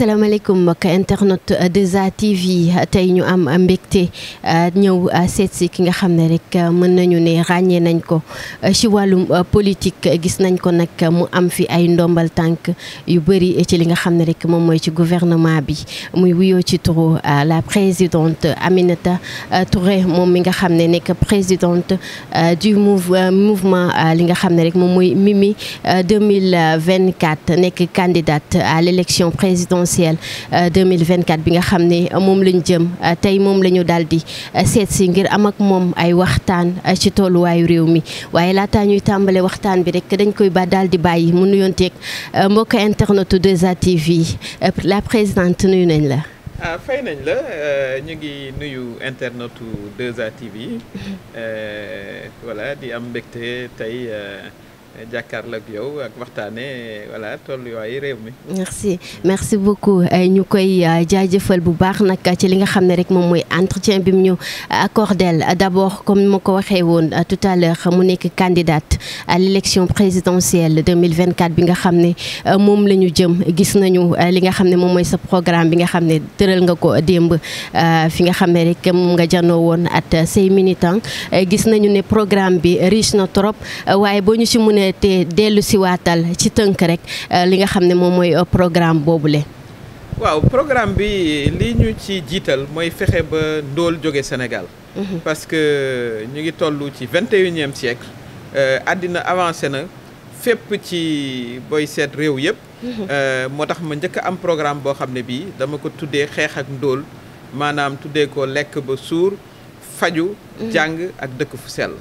asalaamaaleykum mbokk internet 2A TV tey ñu am mbégte euh, ñëw euh, seet ki nga xam ne rek euh, mën nañu ne ràññee nañ ko ci wàllum politique gis nañ ko nag mu am fi ay ndombal tànk yu bëri ci li nga xam ne rek moom mooy ci gouvernement bi muy wuyoo ci turu la présidente Aminata Touré moom mi nga xam ne nekk présidente du mouvement li nga xam ne rek moom mooy Mimi 2024 nekk candidate à l'élection présidentielle sociale 2024 euh, bi nga xam ne moom lañ jëm euh, tey moom la ñu daal di euh, seet si ngir am ak moom ay waxtaan ci tolluwaayu réew mi waaye laataa ñuy tàmbale waxtaan bi rek dañ koy ba daal di bàyyi mu nuyoonteeg mbokk internetu 2A TV la présidente nuyu nañ la. ah fay nañ la ñu ngi nuyu internetu 2A TV voilà di am mbégte tey. Euh, jàkkaarloo ak yow ak waxtaanee voilà tolluwaayu réew mi. merci merci beaucoup euh, ñu koy euh, jaajëfal bu baax nag ci li nga xam ne rek moom mooy entretien bi mu ñu accordel d' abord comme ma ko waxee woon tout à mu nekk candidate à l' élection présidentielle 2024 bi nga xam ne moom la ñu jëm gis nañu li nga xam ne moom mooy sa programme bi nga xam ne tëral nga ko démb fi nga xam ne rek moom nga janoo woon at say militants gis nañu ne programme bi riche na trop waaye boo ñu ci mënee ne te dellu si waatal ci tënk rek euh, li nga xam ne moom mooy euh, programme boobu boobule. waaw programme bi li ñu ci jiital mooy fexe ba ndóol jóge Sénégal. Mhm. parce que ñu ngi toll ci vingt et unième siècle euh, àddina avancé na fépp ci booy seet réew yëpp. Mhm. moo tax ma njëkk am programme boo xam ne bii dama ko tuddee xeex ak ndóol maanaam tuddee ko lekk ba suur faju mhm. jàng ak dëkk fu sell.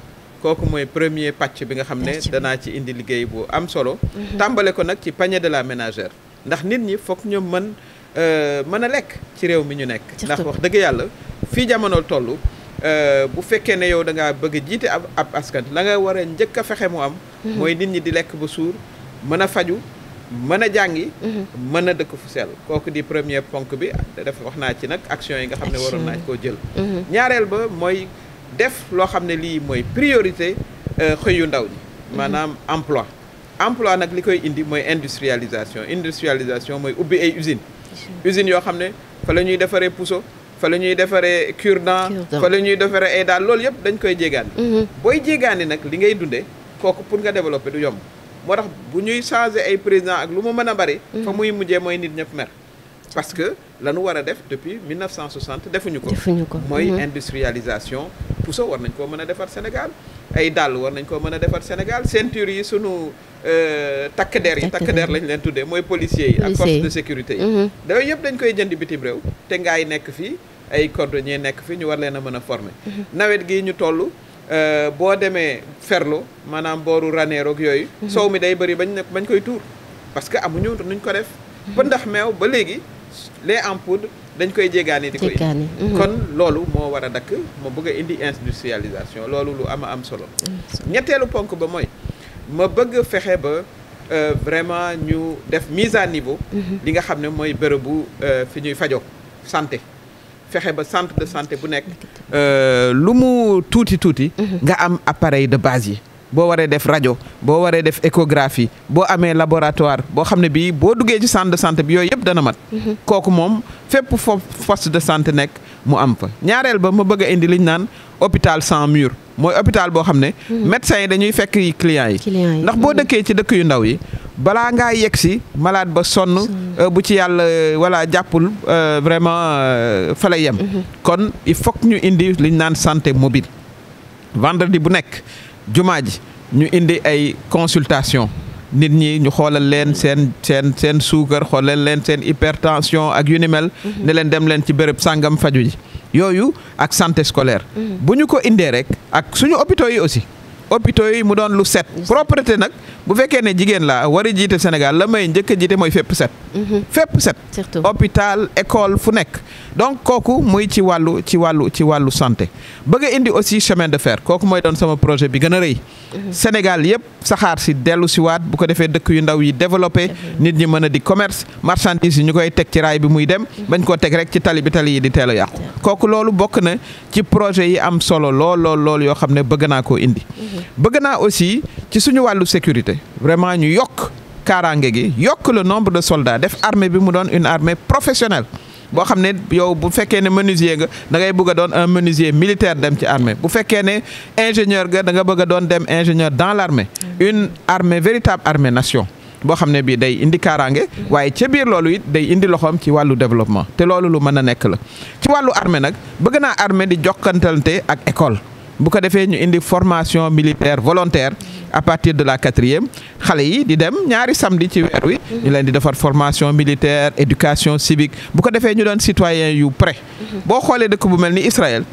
kooku mooy premier pàcc bi nga xam ne danaa ci indi liggéey bu am solo tàmbale ko nag ci panier de la ménagère ndax nit ñi foog ñu mën euh, mën a lekk ci réew mi ñu nekk ndax wax dëgg yàlla fii jamono toll euh, bu fekkee ne yow da bëgg a jiite ab ab askan la nga war a njëkk a fexe mu am mhm. mooy nit ñi di lekk ba suur mën a faju mën a jàngi mhm. mën a dëkk fu sell kooku di premier ponk bi def wax naa ci nag action yi nga xam ne waroon naa koo jël mhm. ñaareel ba mooy def loo xam ne lii mooy priorité euh, xëyu ndaw ñi mhm. maanaam emploi emploi nag li koy indi mooy industrialisation industrialisation mooy ubbi ay usine usines yoo xam ne fa la ñuy defaree puso fa la ñuy defaree cure-dent fa la ñuy defaree ay daal loolu yëpp dañ koy jéegaani mhm. booy jéegaani nag li ngay dundee kooku pour nga développer du yomb moo tax bu ñuy changer ay président ak lu mu mën a bari mhm. fa muy mujjee mooy nit ñëpp mer parce que la ñu war a def depuis 1960 defuñu ko. defuñu ko mooy mhm. industrialisation. puso war nañ koo mën a defar Sénégal ay dàll war nañ koo mën a defar Sénégal ceinture yi sunu euh, takk der yi takk der lañ leen tuddee mooy policiers yi. ak force de sécurité yi. Mhm. yooyu yëpp dañ koy jënd bitim réew. te ngaay nekk fii ay cordonnier nekk fii ñu war leen a mën a former. Mhm. nawet gii ñu toll. Euh, boo demee Ferlo maanaam booru Ranérou ak yooyu. soow mi day bëri bañ ne bañ koy tuur parce que amuñu nuñ ko def. ba ndax meew ba léegi. lait en poudre dañ koy jéggaani di ko mhm. kon loolu moo war a dakk ma bëgg indi industrialisation loolu lu ama am solo ñetteelu ponk ba mooy ma bëgg fexe ba euh, vraiment ñu def mise à niveau mhm. li nga xam ne mooy bërëbu euh, fi ñuy fajo santé fexe ba centre de santé bu nekk euh, lu mu tuuti tuuti mhm. nga am appareil de base yi boo waree def rajo boo waree def échographie boo amee laboratoire boo xam ne bii boo duggee ci centre de santé bi yooyu yëpp dana mat. Mhm. kooku moom fépp foofu poste de santé nekk mu am fa. ñaareel ba ma bëgg a indi liñ naan hôpital sans mur mooy hôpital boo xam ne. Mhm. médecins yi dañuy fekk yi clients yi. ndax boo mhm. dëkkee ci dëkk yu ndaw yi. balaa ngaa yegg si malade ba sonn. Euh, bu ci yàlla euh, wala jàppul euh, vraiment fa lay yem. kon il faut ñu indi liñ naan santé mobile. vendredi bu nekk. jumaa ji ñu indi ay consultation nit ñi ñu xoolal leen seen seen seen suukar xoolal leen seen hypertension ak yu ni mel. Mhm. ne leen dem leen ci béréb sàngam faju ji yooyu ak santé scolaire. Mhm. bu ñu ko indee rek ak suñu hôpitaux yi aussi. hôpitaux yi mu doon lu set. propreté nag. bu fekkee ne jigéen la war a jiite Sénégal la may njëkk a jiite mooy fépp set. Mhm. fépp set. surtout hôpital école fu nekk. donc kooku muy ci wàllu ci wàllu ci wàllu santé bëgg a indi aussi chemin de fer kooku mooy doon sama projet bi gën a rëy. Sénégal yëpp saxaar si dellu si waat bu ko defee dëkk yu ndaw yi développé nit ñi mën a di commerce marchandise yi ñu koy teg ci raay bi muy dem bañ koo teg rek ci tali bi tali yi di teel a yàqu kooku loolu bokk na ci projet yi am solo lool lool yoo xam ne bëgg naa koo indi bëgg naa aussi ci suñu wàllu sécurité vraiment ñu yokk kaaraange gi yokk le nombre de soldats def armée bi mu doon une armée professionnel boo xam ne yow bu fekkee ne menuisier nga da ngay bëgg a doon un menuisier militaire dem ci armée bu fekkee ne ingénieur nga da nga bëgg a doon dem ingénieur dans l'armée mm. une armée véritable armée nation boo xam ne bii day indi kaaraange mm. waaye ca biir loolu it day indi loxoom ci wàllu développement te loolu lu mën a nekk la ci wàllu armée nag bëgg naa armée di te ak école bu ko defee ñu indi formation militaire volontaire à partir de la quatrième xale yi di dem ñaari samedi ci weer wi. ñu leen di defar formation militaire éducation civique bu ko defee ñu doon citoyen yu prêt. boo xoolee dëkk bu mel ni Israël.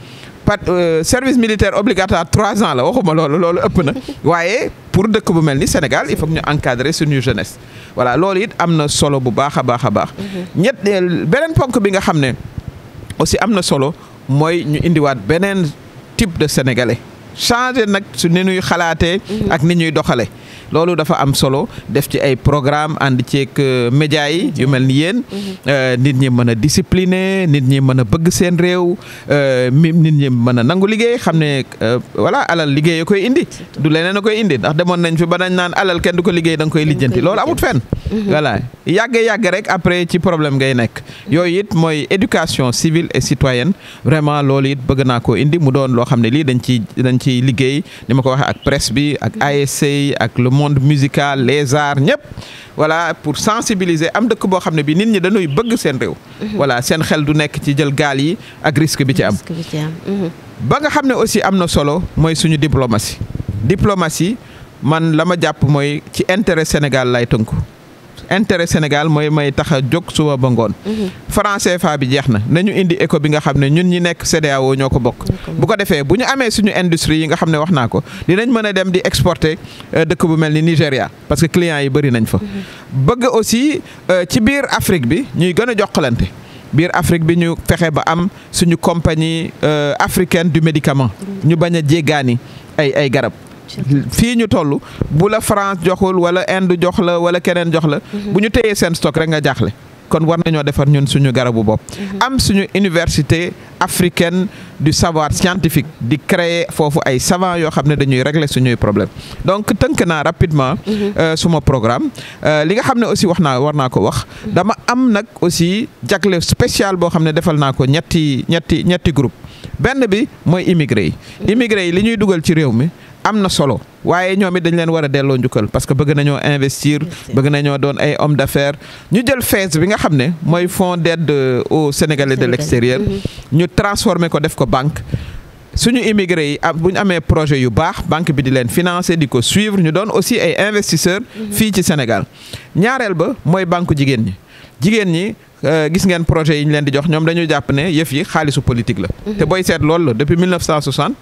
pat euh, service militaire obligatoire trois ans la waxuma loolu loolu ëpp na waaye pour dëkk bu mel ni Sénégal il faut ñu encadrer suñu jeunesse voilà loolu it am na solo bu baax a baax a baax. ñett beneen ponk bi nga xam ne aussi am na solo mooy ñu indiwaat beneen type de sénégalais. changé nag su ni ñuy xalaatee. Mhm. ak ni ñuy doxalee. loolu dafa am solo def ci ay programme ànd ceeg euh, média yi yu mel ni yéen mhm. euh, nit ñi mën a discipliner nit ñi mën a bëgg seen réew euh, nit ñi mën a nangu liggéey xam ne voilà alal liggéey koy indi du leneen a koy indi ndax demoon nañ fi ba dañ naan alal kenn du ko liggéey danga koy lijjanti loolu amut fen mhm. voilà yàgg yàgg rek après ci problème ngay nekk mhm. yooyu it mooy éducation civile et citoyenne vraiment loolu it bëgg naa ko indi mu doon loo xam ne lii dañ ci dañ ciy liggéey ni ma ko waxee ak presse bi ak ASC ak monde musical les arts ñëpp voilà pour sensibiliser am dëkk boo xam ne bi nit ñi dañuy bëgg seen réew mhm. voilà seen xel du nekk ci jël gaal yi ak risque bi ci am mhm. ba nga xam ne aussi am na solo mooy suñu diplomatie diplomatie man la ma jàpp mooy ci intérêt Sénégal lay tënku intérêt Sénégal mooy may tax jóg suba ba ngoon. Mhm. français CFA bi jeex na nañu indi éco bi nga xam ne ñun ñi nekk CEDEAO ñoo ko bokk. bu ko defee bu ñu amee suñu industrie yi nga xam ne wax naa ko dinañ mën a dem di exporter euh, dëkk bu mel ni nigeria parce que clients yi bëri nañ fa. Mhm. bëgg aussi euh, ci biir Afrique bi ñuy gën a jokkalante. biir Afrique bi ñu fexe ba am suñu compagnie euh, africaine du médicament. Mhm. ñu bañ a jéggaani ay ay garab. fii ñu toll bu la France joxul wala Inde jox la wala keneen jox la. Mhm. bu ñu téyee seen stock rek nga jaaxle. kon war nañoo defar ñun suñu garabu bopp. Mhm. am suñu université africaine du savoir scientifique di créer foofu ay savants yoo xam ne dañuy régler suñuy problème donc tënk naa rapidement. Mhm. Euh, suma programme euh, li nga xam ne aussi wax naa war naa ko wax. dama am nag aussi jagle spécial boo xam ne defal naa ko ñetti ñetti ñetti groupe benn bi mooy immigré yi. immigré yi li ñuy dugal ci réew mi. am na solo waaye ñoom it dañ leen war a delloo njukkal parce que bëgg nañoo investir bëgg nañoo doon ay homme d'affaires ñu jël FAISE bi nga xam ne mooy fonds d'aide euh, au Sénégalais de l'extérieur mhm. ñu transformer ko def ko banque suñu immigré yi ah, bu ñu amee projet yu baax banque bi di leen financer di ko suivre ñu doon aussi ay investisseurs mhm. fii ci Sénégal ñaareel ba mooy banque jigéen ñi jigéen ñi euh, gis ngeen projet yi ñu leen di jox ñoom dañuy jàpp ne yëf yi xaalisu politique la. Mhm. te booy seet loolu la depuis 1960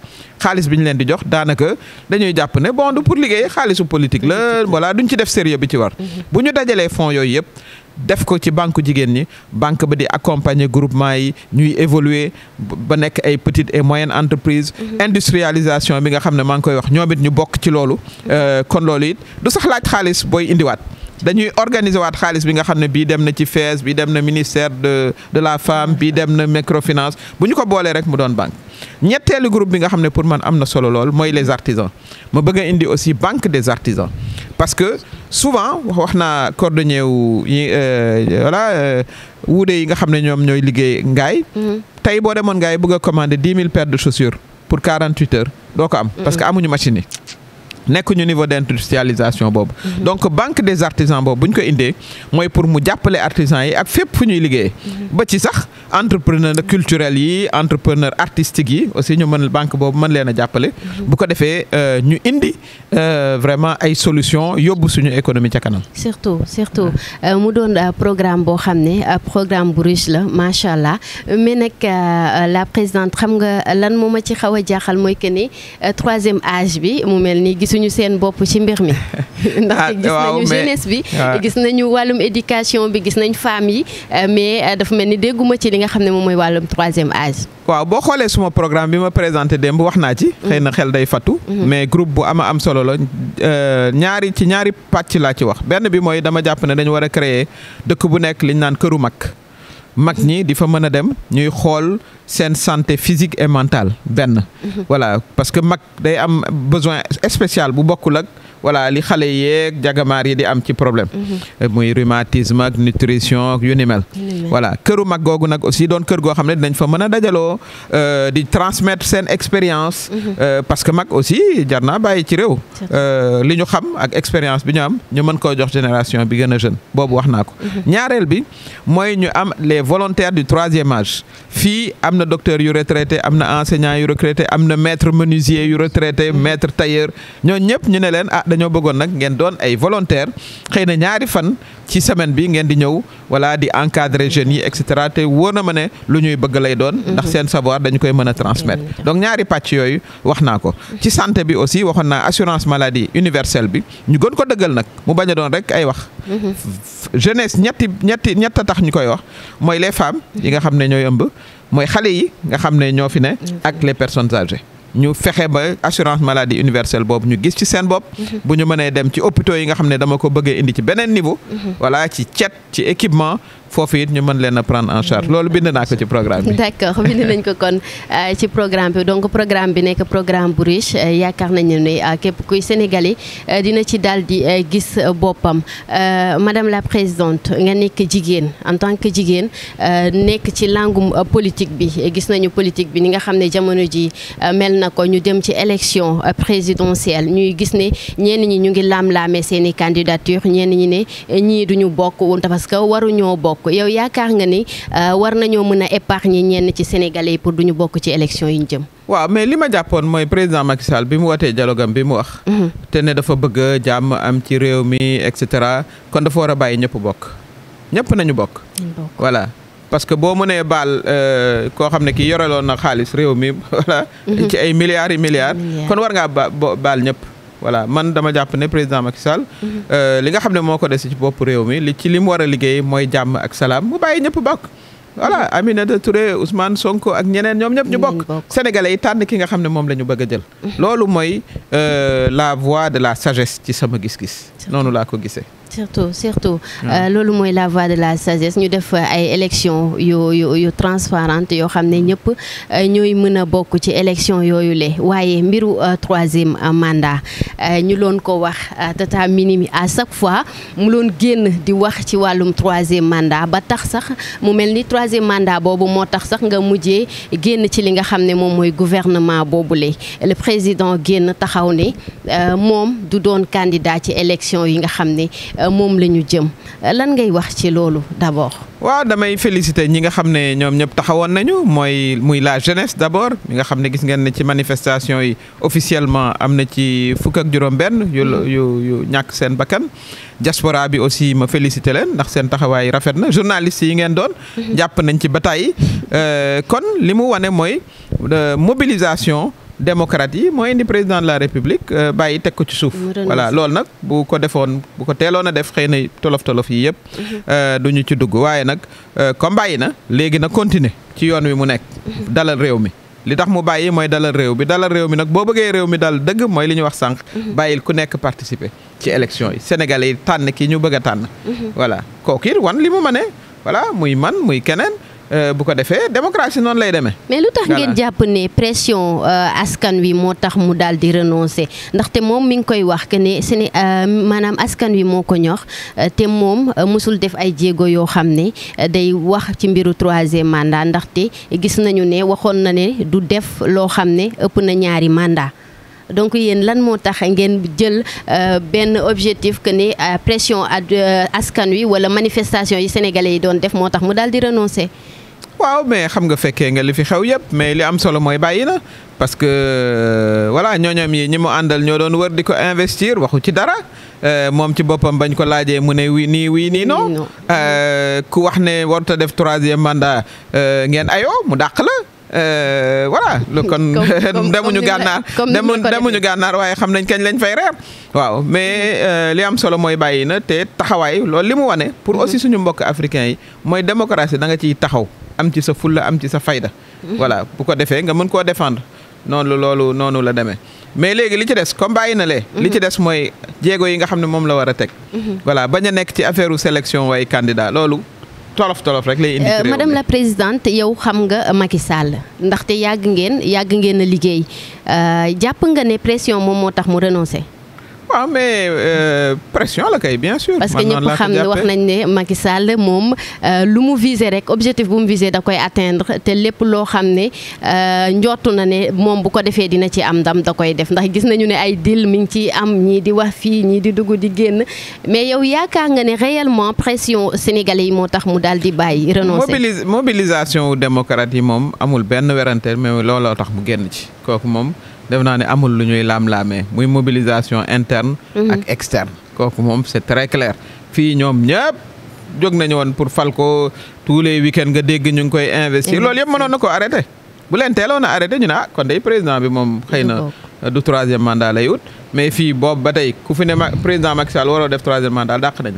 xaalis bi ñu leen di jox daanaka dañuy jàpp ne bon du pour liggéey xaalisu politique la voilà duñ ci def sérieux bi ci war. Mhm. bu ñu dajalee fonds yooyu yëpp. def ko ci banque jigéen ñi banque ba di accompagner groupement yi ñuy évoluer ba nekk ay petites et moyennes entreprises. Mhm. industrialisation bi nga xam ne maa ngi koy wax ñoom it ñu bokk ci loolu. Euh, kon loolu it du sax laaj xaalis booy indiwaat. dañuy organiser waat xaalis bi nga xam ne bii dem na ci FES bi dem na ministère de de la femme bii dem na microfinance bu ñu ko boolee rek mu doon banque ñetteelu groupe bi nga xam ne pour man am na solo lool mooy les artisans ma bëgg indi aussi banque des artisans parce que souvent wax naa cordonnier wu yi euh, voilà euh, wuude yi nga xam ne ñoom ñooy liggéey ngaay mm-hmm. tey boo demoon ngaay bëgg a commander dix mille paires de chaussures pour quarante huit heures doo ko am parce que amuñu machine yi nekkuñu niveau d' industrialisation boobu. Mhm. donc banque des artisans boobu bu ñu ko indee mooy pour mu jàppale artisans yi ak fépp fu ñuy liggéeyee. Mhm. ba ci sax entrepreneur culturel yi entrepreneur artistique yi aussi ñu mën banque boobu mën leen a jàppale. Mhm. bu ko defee euh, ñu indi euh, vraiment ay solution yóbbu suñu économie ca kanam. surtout surtout euh, mu doon programme boo xam ne programme bu riche la macha allah mais nag la présidente xam nga lan moo ma ci xaw a jaaxal mooy que ni gisuñu seen bopp ci mbir mi. ndaxte ah, gis nañu jeunesse bi. gis nañu wàllum éducation bi gis nañ femmes yi euh, mais euh, dafa mel ni dégguma ci li nga xam ne moom mooy wàllum troisième âge. waaw boo xoolee suma programme bi ma présenté démb wax naa ci. xëy na mhm. xel day fattu. Mhm. mais groupe bu ama am solo la euh, ñaari ci ñaari pàcc laa ci wax benn bi mooy dama jàpp ne dañu war a créer dëkk bu nekk liñ naan këru mag. mag ñi di fa mën a dem ñuy xool seen santé physique et mentale benn. Mhm. voilà parce que mag day am besoin spécial bu bokkul ak. voilà li xale yeeg jagamaar yi di am ci problème. Mhm. muy rhumatisme nutrition ak yu ni mel. voilà këru mag googu nag aussi doon kër goo xam ne dinañ fa mën a dajaloo euh, di transmettre seen expérience. Mhm. Euh, parce que mag aussi jar naa bàyyi ci réew. Euh, li ñu xam ak expérience bi ñu am ñu mën koo jox génération bi gën a jeune boobu wax naa ko. Mhm. ñaareel bi mooy ñu am les volontaires du troisième âge fii am na docteur yu retraité am na enseignant yu retraité am na maître menuisier yu retraité maître tailleur ñooñu ñëpp ñu ne leen ah, dañoo bëggoon nag ngeen doon ay volontaire xëy na ñaari fan ci semaine bi ngeen di ñëw wala di encadré jeunes yi et cetera te wóor na ma ne lu ñuy bëgg lay doon. Mhm. ndax seen savoir dañu koy mën a transmettre. donc ñaari pàcc yooyu wax naa ko. Mhm. ci santé bi aussi waxoon naa assurance maladie universelle bi ñu gën ko dëggal nag mu bañ a doon rek ay wax. Mhm. jeunesse ñetti ñetti ñett tax ñu koy wax mooy les femmes yi nga xam ne ñooy ëmb mooy xale yi nga xam ne ñoo fi ne. ak les personnes âgées. ñu fexe ba assurance maladie universelle boobu ñu gis ci seen bopp. Mhm. bu ñu mënee dem ci hôpitaux yi nga xam ne dama ko bëggee indi ci beneen niveau. Mhm. voilà ci cet ci équipement. foofu it ñu mën leen a en charge loolu bind naa ko ci programme bi. d' accord bind nañ ko kon euh, ci programme bi donc programme bi nekk programme bu riche euh, yaakaar nañu ne euh, képp kuy Sénégalais dina ci daal di gis boppam madame la présidente nga nekk jigéen en tant que jigéen nekk ci langum politique bi gis nañu politique bi ni nga xam ne jamono ji mel na ko ñu dem ci élection présidentielle ñuy gis ne ñenn ñi ñu ngi laam-laamee seen i candidature ñi ne ñii duñu bokk parce que waruñoo bokk. bokk yow yaakaar nga ni euh, war nañoo mën a épargner ñenn ci sénégalais yi pour duñu bokk ci élection yi ñu jëm. waaw mais li ma jàppoon mooy président Macky bi mu wootee dialogue bi mu wax. Mhm. te ne dafa bëgg jàmm am ci réew mi et cetera kon dafa war a bàyyi ñëpp bokk ñëpp nañu bokk. voilà parce que boo mënee baal euh, koo xam ne kii yoreloon na xaalis réew mi voilà. Mhm. ci ay milliards yi milliards. kon war ngaa baal ñëpp. voilà man dama jàpp ne président Macky Sall. Mhm. Euh, li nga xam ne moo ko dese ci bopp réew mi li ci li mu war a liggéey mooy jàmm ak salaam mu bàyyi ñëpp bokk. voilà mhm. Aminata Touré Ousmane Sonko ak ñeneen ñoom ñëpp ñu bokk. sénégalais yi tànn ki nga xam ne moom lañu ñu bëgg a jël. Mhm. loolu mooy euh, la voie de la sagesse ci sama gis-gis. noonu laa ko gisee. surtout surtout hmm. euh, loolu mooy la voie de la sagesse ñu def ay élection yu yu yu yoo xam ne ñëpp euh, ñooy mën a bokk ci élection yooyu le waaye mbiru euh, troisième mandat ñu loon ko wax tata minimi à chaque fois mu loon génn di wax ci wàllum troisième mandat ba tax sax mu mel ni troisième mandat boobu moo tax sax nga mujjee génn ci li nga xam ne moom mooy gouvernement boobu le président génn taxaw ne moom du doon candidat ci élection yi nga xam ne Euh, moom la ñu jëm euh, lan ngay wax ci loolu d'abord. waaw damay félicité ñi nga xam ne ñoom ñëpp taxawoon nañu mooy muy la jeunesse d'abord mi nga xam ne gis ngeen ne ci manifestation yi officiellement am na ci fukk ak juróom-benn yu mm. yu ñàkk seen bakkan. diaspora bi aussi ma féliciter leen ndax seen taxawaay rafet na journalistes yi ngeen doon. Mm-hmm. jàpp nañ ci bataay euh, kon li mu wane mooy mobilisation. démocrate yi moo indi président de la république euh, bàyyi teg ko ci suuf. voilà loolu nag bu ko defoon bu ko teeloon a def xëy na tolof tolof yi yëpp. Mhm. Euh, du ñu ci dugg waaye nag euh, comme bàyyi na léegi na continuer ci yoon wi mu nekk. Mhm. dalal réew mi li tax mu bàyyi mooy dalal réew bi dalal réew mi nag boo bëggee réew mi dal dëgg mooy li ñu wax sànq. Mhm. bàyyil ku nekk participer ci élection yi Sénégalais yi tànn ki ñu bëgg a tànn. voilà kooku wan li mu mënee voilà muy man muy keneen. Euh, bu ko defee démocratie noonu lay demee. mais lu tax ngeen jàpp ne pression euh, askan wi moo tax mu daal di renoncer ndaxte moom mi ngi koy wax que ne seen euh, maanaam askan wi moo ko ñor te moom mosul def ay jéego yoo xam ne day wax ci mbiru troisième mandat ndaxte gis nañu ne waxoon na ne du def loo xam ne ëpp na ñaari mandat donc yéen lan moo tax ngeen jël benn objectif que ne pression askan wi wala manifestation yi sénégalais yi doon def moo tax mu daal di renoncer. waaw mais xam nga fekkee nga li fi xew yëpp mais li am solo mooy bàyyi na parce que euh, voilà ñooñom yi ñi mu àndal ñoo doon war di ko investir waxu ci dara euh, moom ci boppam bañ ko laajee mu ne wii nii wii nii non euh, ku wax ne warut def troisième mandat ngeen ayoo mu dàq la voilà kon demuñu gànnaar demuñu gànnaar waaye xam nañ kañ lañ fay reer waaw mais mm-hmm. li am solo mooy bàyyi na te taxawaay loolu li mu wane pour mm-hmm. aussi suñu mbokk africain yi mooy démocratie da nga ciy taxaw am ci sa fulla am ci sa fayda. Mm-hmm. voilà bu ko defee nga mën koo defendre noonu loolu noonu la demee. mais léegi li ci des comme bàyyi na lee mm-hmm. li ci des mooy jéego yi nga xam ne moom la war a teg. Mm-hmm. voilà ba a nekk ci affaire sélection way candidat loolu. tolof tolof rek lay indi. Euh, madame présidente yow xam nga Macky Sall ndaxte yàgg ngeen yàgg ngeen a liggéey euh, jàpp nga ne pression moom moo tax mu renoncé. waaw mais euh, pression la kay bien sûr. parce que ñëpp xam ne wax nañ ne Macky Sall moom euh, lu mu visé rek objectif bu mu visé da koy atteindre te lépp loo xam ne euh, njottu na ne moom bu ko defee dina ci am ndam da koy def ndax gis nañu ne ay deal mi ngi ciy am ñii di wax fii ñii di dugg di génn mais yow yaakaar nga ne réellement pression sénégalais yi moo tax mu daal di bàyyi renoncer. mobilisation démocrate yi moom amul benn werante mais looloo tax mu génn ci kooku moom. def naa ne amul lu ñuy laam-laamee muy mobilisation interne. Mhm. ak externe. kooku moom c'est très clair fii ñoom ñëpp jóg nañu woon pour fal ko tous les week-ends nga dégg ñu ngi koy investir mhm. loolu yëpp mënoon na ko arrêté. bu leen teeloon a arrêté ñu ne ah kon dey président bi moom xëy na du troisième mandat lay wut mais fii boobu ba tey ku fi ne ma président Macky Sall waroo def troisième mandat dàq nañ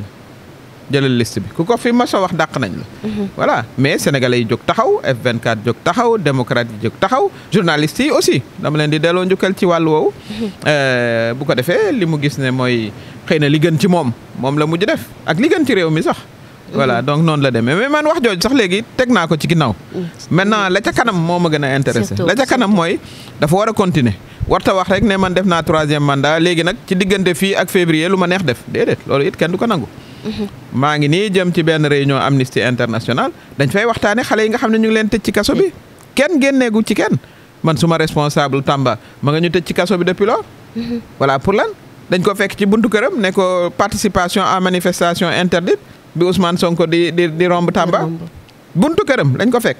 jëlal liste bi ku ko fi ma a wax dàq nañ la. Mhm. voilà mais sénégalais yi jóg taxaw F24 jóg taxaw démocrate yi jóg taxaw journalistes yi aussi dama leen di delloo njukkal ci wàllu woowu. Mhm. Euh, bu ko defee li mu gis ne mooy xëy na li gën ci moom moom la mujj def ak li gën ci réew mi sax. voilà mhm. donc noonu la demee mais man wax jooju sax léegi teg naa ko ci ginnaaw. Mm. maintenant la ca kanam moo ma gën a intéressé. la ca kanam mooy dafa war a continuer. warta wax rek ne man def naa troisième mandat léegi nag ci diggante fii ak février lu ma neex def déedéet loolu it kenn du ko nangu. maa ngi nii jëm ci benn réunion Amnesty International dañ fay waxtaane xale yi nga xam ne ñu ngi leen tëj ci kaso bi kenn génneegu ci kenn man suma responsable Tamba ma nga ñu tëj ci kaso bi depuis lors voilà pour lan dañ ko fekk ci buntu këram ne ko participation à manifestation interdite bi Ousmane Sonko di di di romb Tamba buntu këram dañ ko fekk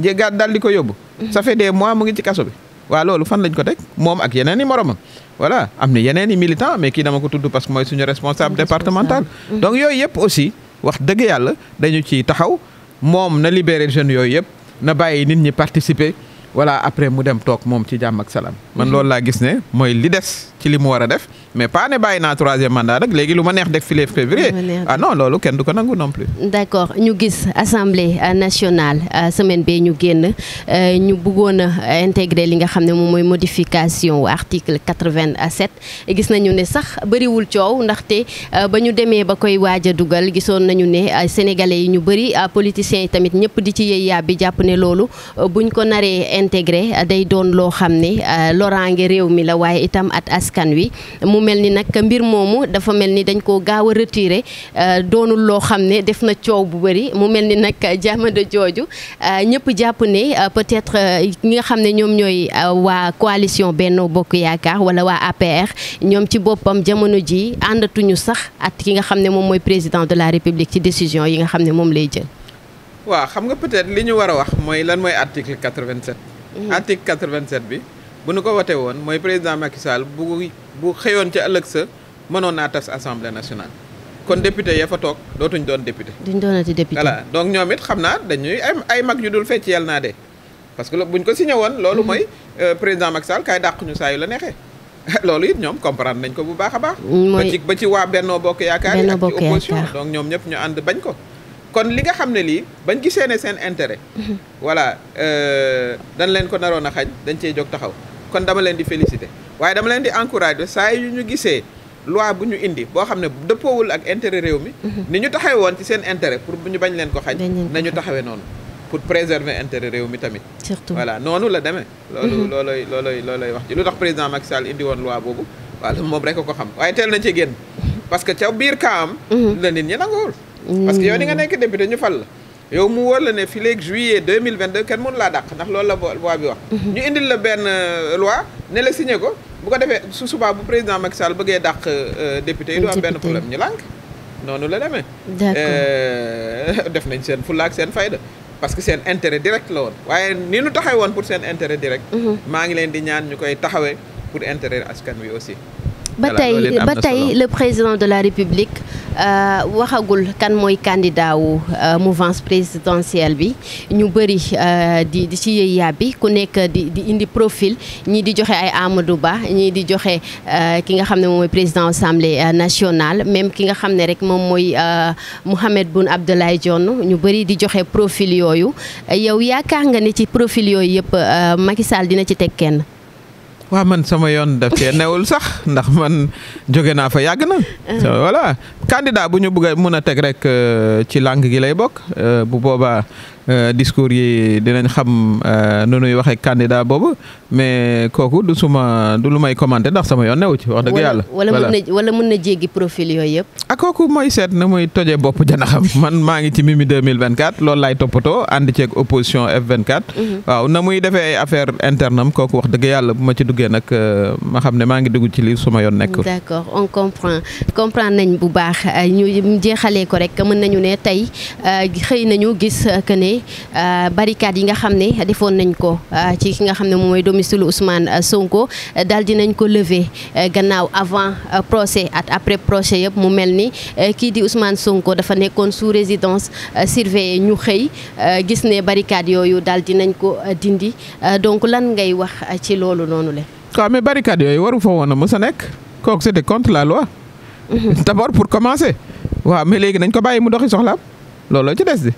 jéegaat dal di ko yóbbu mm-hmm. ça fait des mois mu ngi ci kaso bi waa loolu fan lañ ko teg moom ak yeneen i moromam voilà am na yeneen i militant mais kii dama ko tudd parce que mooy suñu responsable départemental mm-hmm. donc yooyu yëpp aussi wax dëgg yàlla dañu ciy taxaw moom na libérer jeunes yooyu yëpp na bàyyi nit ñi participer voilà après mu dem toog moom ci jàmm ak salaam man mm-hmm. loolu laa gis ne mooy li des ci li mu war a def mais pas ne bàyyi naa troisième mandat rek léegi lu ma neex def fii février ah non loolu kenn du ko nangu non plus. d'accord ñu gis assemblée euh, nationale euh, semaine bee ñu génn euh, ñu bëggoon a li nga xam ne moom mooy modification article quatre-vingt-sept gis nañu ne sax bëriwul coow ndaxte ba ñu demee ba koy waaj a dugal gisoon nañu ne sénégalais yi ñu bëri politiciens yi tamit ñëpp di ci yëy bi jàpp ne loolu buñ ko naree intégré day doon loo xam ne askan wi mu mel ni nag mbir moomu dafa mel ni dañ koo gaaw a retiré euh, doonul loo xam ne def na coow bu bëri mu mel ni nag jamono jooju euh, ñëpp jàpp ne euh, peut-être ñi nga xam ne ñoom ñooy waa coalition benn Bokk Yaakaar wala waa APR ñoom ci boppam jamono ji àndatuñu sax at ki nga xam ne moom mooy président de la République ci décision yi nga xam ne moom lay jël. waaw xam nga peut-être li ñu war a wax mooy lan mooy article 87. Mhm. article 87 bi. bu nu ko wote woon mooy président Macky Sall bu bu xëyoon ca ëllëg sa mënoon naa tas assemblée nationale kon député ya fa toog dootuñ doon député. duñ doonati député voilà donc ñoom it xam naa dañuy ay ay mag ñu dul fecc yal naa de parce que buñ ko signé woon. loolu mhm. mooy euh, président Macky Sall kaay dàq ñu saa yu la neexee. loolu it ñoom comprendre nañ ko bu baax a baax. ba ba ci waa Bennoo Bokk Yaakaar. Bennoo Bokk Yaakaar ak ci opposition donc ñoom ñëpp ñu ànd bañ ko. kon li nga xam ne lii bañ gisee ne seen intérêt. Mhm. voilà euh, dan leen ko naroon a xañ dañ cey jog taxaw. kon dama leen di féliciter waaye dama leen di encourager saa yu ñu gisee loi bu ñu indi boo xam ne dëppoowul ak intere réew mi mhm. ni ñu taxawee woon ci seen intérêt pour bu ñu bañ leen ko xañ nañu taxawee noonu pour préserver intérêt réew mi tamit surtout voilà noonu la demee loolu mhm. looloy looloy looloy wax ji lu tax président Macky Sall indi woon loi boobu waaw moom rek a ko xam waaye teel nañ ci génn parce que ca biir kaam mhm. la nit ñi nanguwul parce nga mm. nekk député ñu fal la yow mu wóor la ne fii léegi juillet deux mille vingt deux kenn mënu laa dàq ndax loolu la loi bi wax. Mhm. ñu indil la benn euh, loi ne la signé ko bu ko defee su subaa bu président Macky Sall bëggee dàq euh, député yi du am benn problème ñu lànk noonu la demee. d'accord euh, def nañ seen fulla ak seen fayda. parce que seen intérêt direct la woon waaye ni ñu taxawee woon pour seen intérêt direct. Mhm. maa ngi leen di ñaan ñu koy taxawee pour intérêt askan wi aussi. ba tey ba tey le président de la république euh, waxagul kan mooy candidat wu euh, mouvance présidentielle bi ñu bëri euh, di di ci yëy yàbbi ku nekk di di indi profil ñii di joxe ay Amadou Ba ñii di joxe ki nga xam ne mooy président assemblée nationale même ki nga xam ne rek moom mooy Mouhamed Boun Abdallah Dionne ñu bëri di joxe profil yooyu yow yaakaar nga ni ci profil yooyu yëpp Macky Sall dina ci teg kenn. waa man sama yoon daf cee newul sax ndax man jóge naa fa yàgg na. Ah. voilà candidat bu ñu bëgg a mun a teg rek euh, ci langue gi lay bokk euh, bu boobaa Euh, discours yi dinañ xam euh, nu nuy waxee candidat boobu mais kooku du suma du lu may commenté ndax sama yoon newu ci wax dëgg yàlla. wala mun na wala mun na profil yooyu yëpp. ah kooku mooy seet na muy tojee bopp janaxam man maa ngi ci Mimi 2024 loolu laay toppatoo ànd ceeg opposition F24. Mhm. waaw na muy defee affaire interne kooku wax dëgg yàlla bu ma ci duggee nag euh, ma xam ne maa ngi dugg ci li suma yoon nekk. d'accord on comprend nañ bu baax ñu jeexalee ko rek mën ne euh, barricade yi nga xam ne defoon nañ ko euh, ci ki nga xam ne moom mooy domicile Ousmane euh, Sonko daal nañ ko lever gannaaw avant procès at après procès yëpp mu mel ni kii di Ousmane Sonko dafa nekkoon sous résidence surveillée ñu xëy gis ne barricade yooyu dal di nañ ko dindi donc lan ngay wax ci loolu noonu le waaw mais barricade yooyu waru fa woon a mës a nekk kooku c'était contre la loi mhm. d'abord pour commencer waaw mais léegi nañ ko bàyyi mu doxi soxlaam looloo ci des di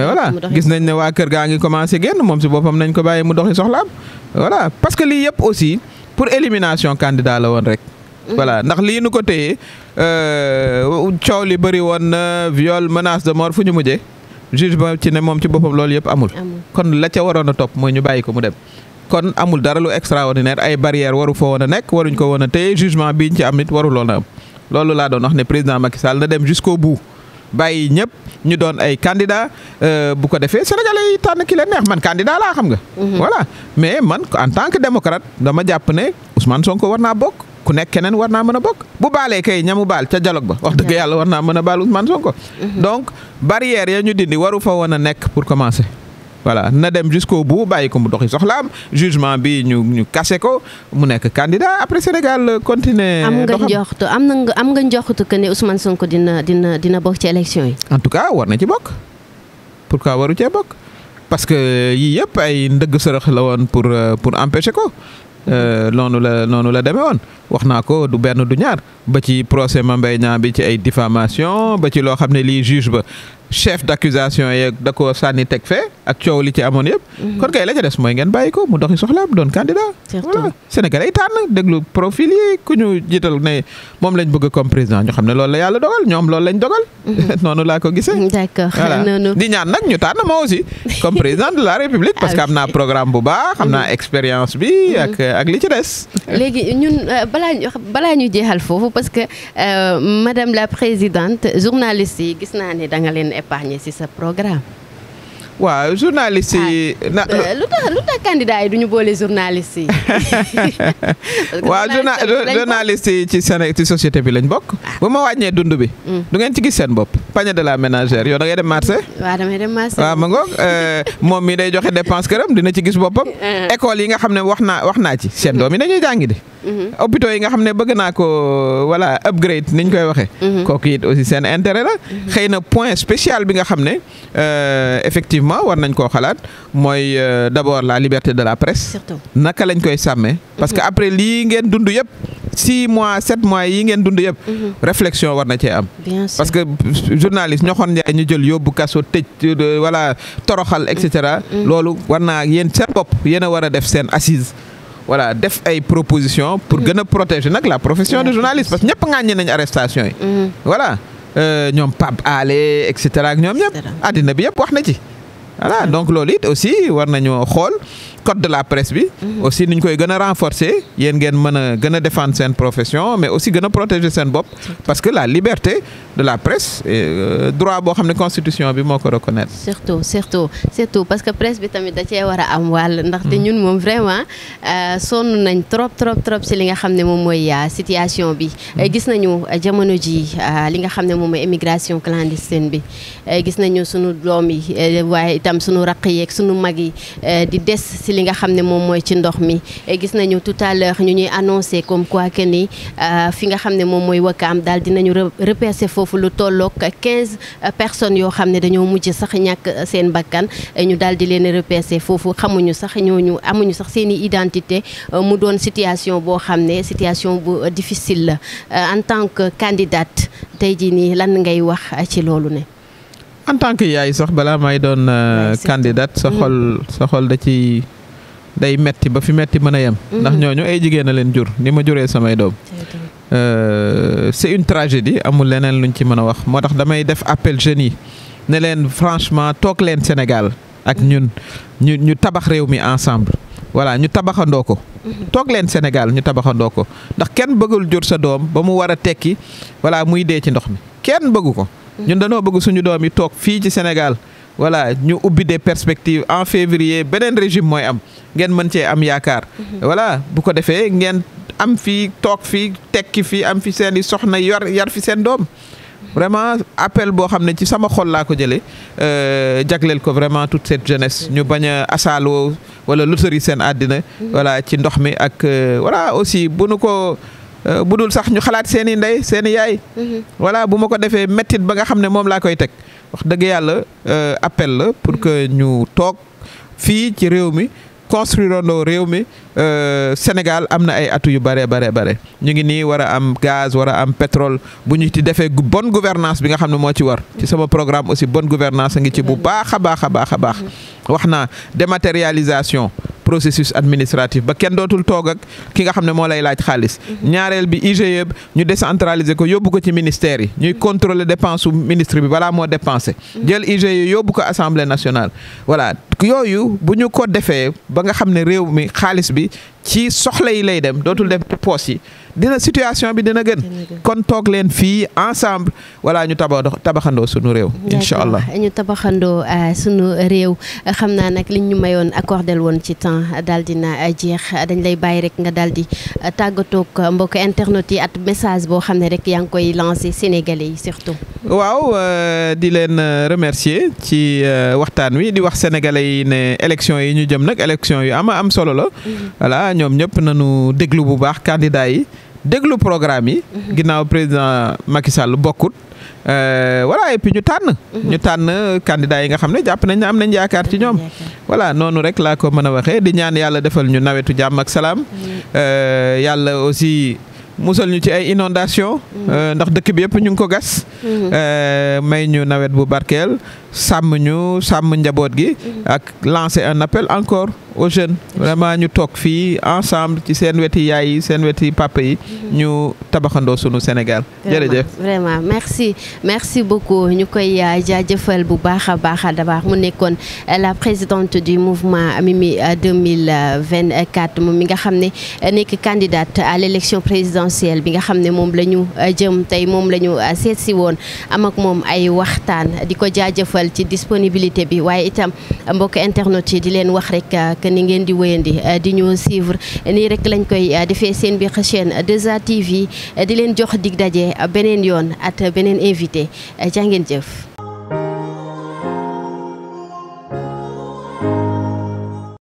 voilà gis nañ ne waa kër gaa ngi commencé génn moom si boppam nañ ko bàyyi mu doxi soxlaam voilà parce que lii yëpp aussi pour élimination candidat la woon rek. Mm-hmm. voilà ndax lii nu ko téye euh, coow li bari woon na viol menace de mort fu ñu mujjee juge ci ne moom ci boppam loolu yëpp amul. kon la ca waroon a topp mooy ñu bàyyi ko mu dem. kon amul dara lu extraordinaire ay barrière waru fa woon a nekk waruñ ko woon a téye jugement biñ ci am it waru loon a am laa doon wax ne président Macky Sall na dem jusqu'au bout. bàyyi ñëpp ñu doon ay candidat euh, bu ko defee sénégalais yi tànn ki neex man candidat laa xam nga. Mhm. voilà mais man en tant que démocrate dama jàpp ne Ousmane Sonko war naa bokk. ku nekk keneen war naa mën a bokk bu baalee kay ñamu baal ca dialogue ba wax dëgg yàlla war naa mën a baal Ousmane Sonko. Mhm. donc barrière ya ñu dindi waru fa woon a nekk pour commencer. voilà na dem jusqu'au bu bàyyi ko mu doxi soxlaam jugement bi ñu ñu kase ko mu nekk candidat après Sénégal continuer. am nga am na nga am nga njoxtu que ne Ousmane Sonko dina dina dina bokk ci élection yi. en tout cas war na ci bokk pourquoi waru cee bokk parce que yii yëpp ay ndëgg sërëx la woon pour euh, pour empêcher ko. Euh, noonu la noonu la demee woon wax naa ko du benn du ñaar ba ci procès Mame Mbaye Niang bi ci ay diffamation ba ci loo xam ne lii juge ba chef d'accusation yeeg da ko sànni teg fee ak coow li ci amoon yëpp. Mhm. kon kay la ca des mooy ngeen bàyyi ko mu doxi soxlaam doon candidat. Sénégal ay tànn déglu profil yi ku ñu jiital ne moom lañ bëgg comme président ñu xam ne loolu la yàlla dogal ñoom loolu lañ dogal. Mhm. noonu laa ko gisee. di ñaan nag ñu tànn ma aussi comme président de la république. parce que am naa ah programme bu baax am naa mhm. expérience bi. ak li ci des. léegi ñun euh, balaa ñu jeexal foofu parce euh, épargner si sa programme. waaw journaliste yi. na eh, lu tax lu tax candidat yi du ñu boole journaliste yi. waaw journaliste yi ci Sénégal ci société bi lañ bokk. Ah. bu ma wàññee dund bi. Mm. du ngeen ci gis seen bopp. panier de la ménagère yow da ngay dem marché. waaw damay dem marché. waaw ma ngoog euh, moom mi day joxe dépense këram dina ci gis boppam. Eh. école yi nga xam ne wax naa wax naa ci seen doom yi dañuy jàngi de. Mm-hmm. hôpitaux yi nga xam ne bëgg naa ko voilà upgrade ni koy waxee. Mm-hmm. kooku it aussi seen intérêt la. Mm-hmm. xëy na point spécial bi nga xam ne euh, effectivement war nañ koo xalaat mooy euh, d' abord la liberté de la presse. naka lañ koy sàmmee. parce que après lii ngeen dund yëpp. six mois sept mois yi ngeen dund yëpp. réflexion war na cee am. parce que journaliste ñoxoon Ndiaye ñu jël yóbbu kaso tëj wala euh, toroxal et cetera. loolu war naa yéen seen bopp yéen a war a def seen assise. voilà def ay proposition pour mm. gën a protéger nag la profession de mm. journaliste parce que ñëpp ŋàññi nañ arrestation yi mm-hmm. voilà euh, ñoom Pape Alé et cetera ak ñoom ñëpp àddina bi yëpp wax na ci voilà donc loolu it aussi war nañoo xool code de la presse bi. Mhm. aussi niñ koy gën a renforcer yéen ngeen mën a gën a défendre seen profession mais aussi gën a seen bopp. parce que la liberté de la presse euh, droit boo xam ne constitution bi moo ko reconnaître. surtout surtout surtout parce que presse bi tamit da cee war a am wàll. ndaxte mhm. ñun moom vraiment euh, sonn nañ trop trop trop si li nga xam ne moom mooy euh, situation bi. Mhm. gis nañu jamono ji li nga xam ne moom mooy immigration clandestine bi itam sunu raq yeeg sunu mag yi euh, di des si li nga xam ne moom mooy ci ndox mi gis nañu tout à l'heure ñu ñuy annoncé comme quoi que ni euh, fi nga xam ne moom mooy Wakaam daal dinañu repercer foofu lu tolloog quinze euh, personnes yoo xam ne dañoo mujj sax ñàkk seen bakkan ñu daal di leen repercer foofu xamuñu sax ñooñu amuñu sax seen i identité mu doon situation boo xam ne situation bu difficile la en tant que candidate tey ji nii lan ngay wax ci loolu ne en tant que yaay sax balaa may doon euh, candidate sa mm. xol sa xol da ci day metti ba fi metti mën a yem mm. ndax ñooñu ay jigéen leen jur ni ma juree samay doom euh, c'est une tragédie amul leneen luñ ci mën a wax moo tax damay def appel jeunes yi ne leen franchement toog leen Sénégal ak mm. ñun ñu ñu tabax réew mi ensemble voilà ñu tabaxandoo ko mm-hmm. toog leen Sénégal ñu tabaxandoo ko ndax kenn bëggul jur sa doom ba mu war a tekki voilà muy dee ci ndox mi kenn bëggu ko ñun dañoo bëgg suñu doom yi toog fii ci Sénégal voilà ñu ubbi des perspectives en février beneen régime mooy am ngeen mën cee am yaakaar. Mhm. voilà bu ko defee ngeen am fii toog fii tekki fii am fi seen i soxna yor yar fi seen doom. vraiment appel boo xam ne ci sama xol laa ko jëlee euh, jagleel ko vraiment tout cette jeunesse mhm. ñu bañ a asaaloo wala lotori seen àddina. Mhm. voilà ci ndox mi ak euh, voilà aussi bu nu ko. Euh, bu dul sax ñu xalaat seen i ndey seeni yaay. Mhm. voilà bu ma ko defee mettit ba nga xam ne moom laa koy teg wax dëgg yàlla euh, appel la pour mhm. que ñu toog fii ci réew mi construire loo réew mi Euh, Sénégal am na ay atu yu bare bare bare ñu ngi nii war a am gaz war a am pétrole bu ñu ci defee bon gouvernance bi nga xam ne moo ci war ci sama programme aussi bon gouvernance ngi ci bu baax a baax a baax a baax wax naa dématérialisation processus administratif ba kenn dootul toog ak ki nga xam ne moo lay laaj xaalis ñaareel bi IGE ñu décentraliser ko yóbbu ko ci ministère yi ñuy contrôler dépense su ministre bi balaa moo dépensé jël IGE yóbbu ko assemblée nationale voilà yooyu bu ko defee ba nga xam ne réew mi xaalis bi bi ci soxla yi lay dem dootul dem ci poos yi dina situation bi dina gën kon toog leen fii ensemble wala ñu taba tabaxandoo sunu réew incha allah ñu tabaxandoo euh, sunu réew xam naa nag li ñu mayoon accordel woon ci temps daal dina euh, jeex dañ lay bàyyi rek nga daal di euh, tàggatoog mbokk internet yi at message boo xam ne rek yaa ngi koy lancé sénégalais yi surtout waaw di leen remercier ci waxtaan wi di wax sénégalais yi ne élection yi ñu jëm nag élection yu ama am solo la mhm. voilà ñoom ñëpp nañu déglu bu baax candidat yi déglu programme yi. Mhm. ginnaaw président Macky Sall bokkut. Euh, voilà et puis ñu tànn. Mhm. ñu tànn kandidaa yi nga xam ne jàpp nañ ne am nañ yaakaar ci ñoom. voilà noonu rek laa ko mën a waxee di ñaan yàlla defal ñu nawetu jàmm ak salaam. Mm. Euh, yàlla aussi. musal ñu ci ay inondation mm. euh, ndax dëkk bi yëpp ñu ngi ko gas mm-hmm. may ñu nawet bu barkeel sàmm ñu sàmm njaboot gi mm-hmm. ak lancer un appel encore aux jeunes vraiment ñu toog fii ensemble ci seen weti yaay yi seen weti papa yi mhm. ñu tabaxandoo sunu Sénégal jërëjëf vraiment merci merci beaucoup ñu koy euh, jaajëfal bu baax a baax a dabaax mu nekkoon euh, la présidente du mouvement Mimi 2024 euh, moom mi nga xam ne nekk candidate à l'élection présidentielle bi nga xam ne moom la ñu jëm tey moom la ñu seet si woon am ak moom ay waxtaan di ko jaajëfal ci disponibilité bi waaye itam mbokk internet yi di leen wax rek rek ni ngeen di wéyandi eh, di ñu suivre eh, nii rek lañ koy eh, defee seen bi chaîne 2A TV di leen jox dig daje beneen yoon at beneen invité jaa ngeen jëf.